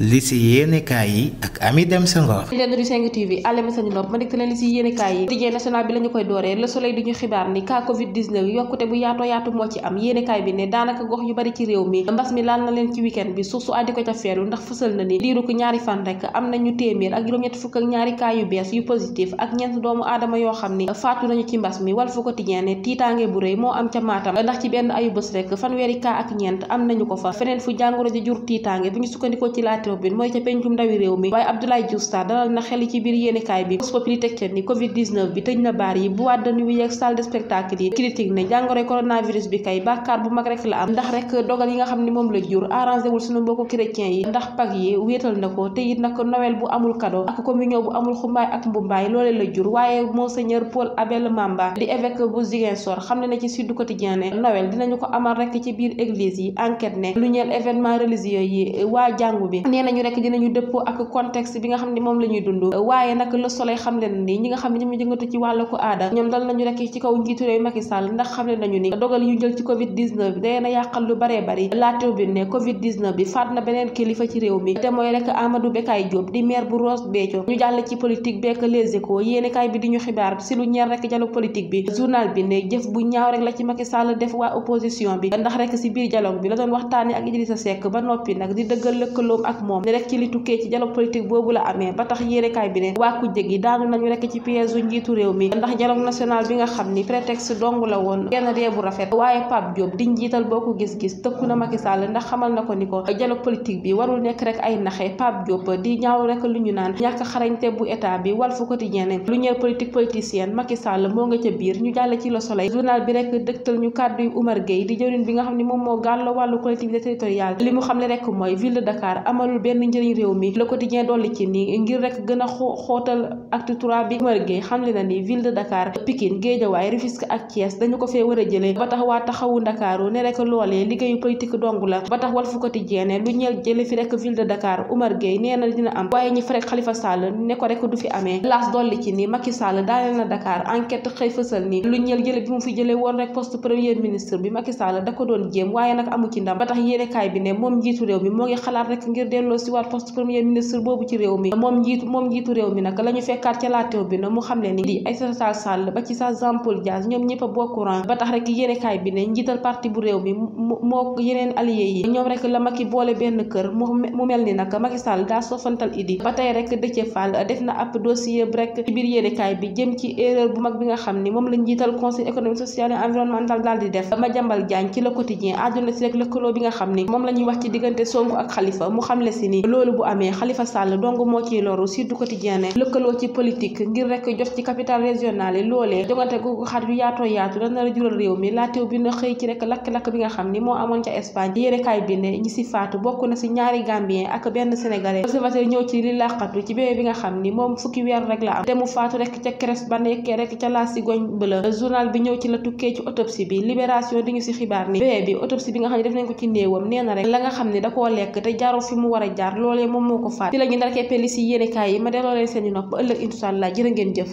li si yéenekaay yi ak Ami Deme Senghor leen du 5 TV yéenekaay yi quotidien national bi la koy dooree Le Soleil du ñu xibaar ni cas covid yokkute bu yaatoo yaatu moo ci am yéenekaay bi ne daanaka gox yu bari ci réew mi mbas mi laal na leen ci week-end bi suuf su àddi ko ca feelu ndax fësal na ni diiru ko ñaari fan rek am nañu téeméer ak juróom-ñett fukk ak ñaari cas yu bees yu positif ak ñeent doomu aadama yoo xam ni faatu nañu ci mbas mi Walf Quotidien ne tiitaange bu rëy am ca Matam ndax ci benn ayu bés rek fanweeri cas ak ñeent am nañu ko fa fu Tobine mooy ca pencum ndawi réew mi waaye Abdoulaye Diouf dalal na xel ci biir yéenekaay bi ni covid 19 tëj na baar yi bu wàdd nu wi de spectacle yi critique ne jàngoroy coronavirus bi kay bàkkaar bu mag rek la am ndax rek dogal yi nga xam ne moom la jur arrangé suñu mbokku chrétien yi ndax pag yi wéetal na ko te nag Noël bu amul kado ak communion bu amul xumbaay ak mbumbaay loole la jur waaye monseigneur Paul Abel Mamba di évêque bu Ziguinchor xam nee nañu rek dinañu dëppoo ak contexte bi nga xam ne moom la ñuy dund waaye nag le soleil xam leen ni ñi nga xam ne ñu jëngatu ci wàllu ko aada ñoom dal nañu rek ci kaw njiitu réew Macky ndax xam leen nañu ni dogal ne covid di maire bu Ross Béthio ñu jàll ci politique bekk les échos yéenekaay bi di ñu xibaar si lu ñeer rek dialogue politique bi journal bi ne jëf bu ñaaw rek la ci Macky Sall def waa opposition bi ndax rek si biir dialogue bi la doon waxtaane ak Idrissa ba noppi nag moom li rek ci li tukkee ci dialogue politique boobu la amee ba tax yéenekaay bi ne waa kujje gi daanu nañu rek ci piège u njiitu réew mi ndax dialogue national bi nga xam ni prétexte dong la woon genn ree bu rafet waaye Pape Diop di njiital boo ko gis-gis tëkku na Macky Sall ndax xamal na ko ni ko dialogue politique bi warul nekk rek ay naxe Pape Diop di ñaaw rek lu ñu naan ñàkk xarañte bu état bi wal Walf Quotidien lu ñeel politique politicienne Macky Sall moo nga ca biir ñu jàll ci la Soleil journal bi rek dëgtal ñu kàddu yu Oumar di jëwriñ bi nga xam ne moom moo gàll wàllu collectivité territoriale li mu xam ne rek mooy ville de Dakar amalul benn njëriñ réew mi le quotidien dolli ci ni ngir rek a xóotal acte trois bi Oumar Gueye a lu ñeel jële fi rek ville de Dakar Oumar Gueye nee na dina am waaye ñi fa rek Khalifa Sall ne ko rek du fi amee laas dolli ci ni Macky Sall daaneel na Dakar enquête xëy fësal ni lu ñeel jële bi mu fi jëlee woon rek poste premier ministre bi Macky Sall da ko doon jéem waaye nag amu ci ndam ba tax yéenekaay bi ne moom njiitu réew mi moo ngi xalaat rek ngir delloo si waat poste premier ministre boobu ci réew mi moom njiitu moom njiitu réew mi nag la ñu fekkaat ca laatew bi na mu xam ne ni di Aïssata Tall ba sa Jean Paul Dias a bokk rang ba tax tey rek Déthié Fall def na ab dossier bu rek ci biir yéenekaay bi jëm ci erreur bu mag bi nga xam ni moom la njiital conseil économique social et environnemental daal di def Madiambal Diagne ci le quotidien àdduna si rek lëkkaloo bi nga xam ni moom la ñuy wax ci diggante Sonko ak Khalifa mu xam xamle si ni loolu bu amee Khalifa Sall dong moo ciy loru Sud Quotidien lëkkaloo ci politique ngir rek jot ci capital régional yi loolee jongante googu xar yu yaatoo yaatu dana la jural réew mi laatew bi na xëy ci rek lakk-lakk bi nga xam ni moo amoon ca Espagne yérekaay bi ne ñi si faatu bokk na si ñaari gambien ak benn sénégalais observateur ñëw ci li làqatu ci bébé bi nga xam ni moom fukki weer rek la am te mu faatu rek ca Crest ba nekkee rek ca la si goñ bëla journal bi ñëw ci la tukkee ci autopsie bi libération di ñu si xibaar ni bébé bi autopsie bi nga xam ne def nañ ko ci néewam nee na rek la nga xam ne da koo lekk war a jaar loolee moom moo ko faat ci la ñu ndar keppee li si yéenekaay yi ma delloo leen seen i nopp ba ëllëg incha allah jërë ngeen jëf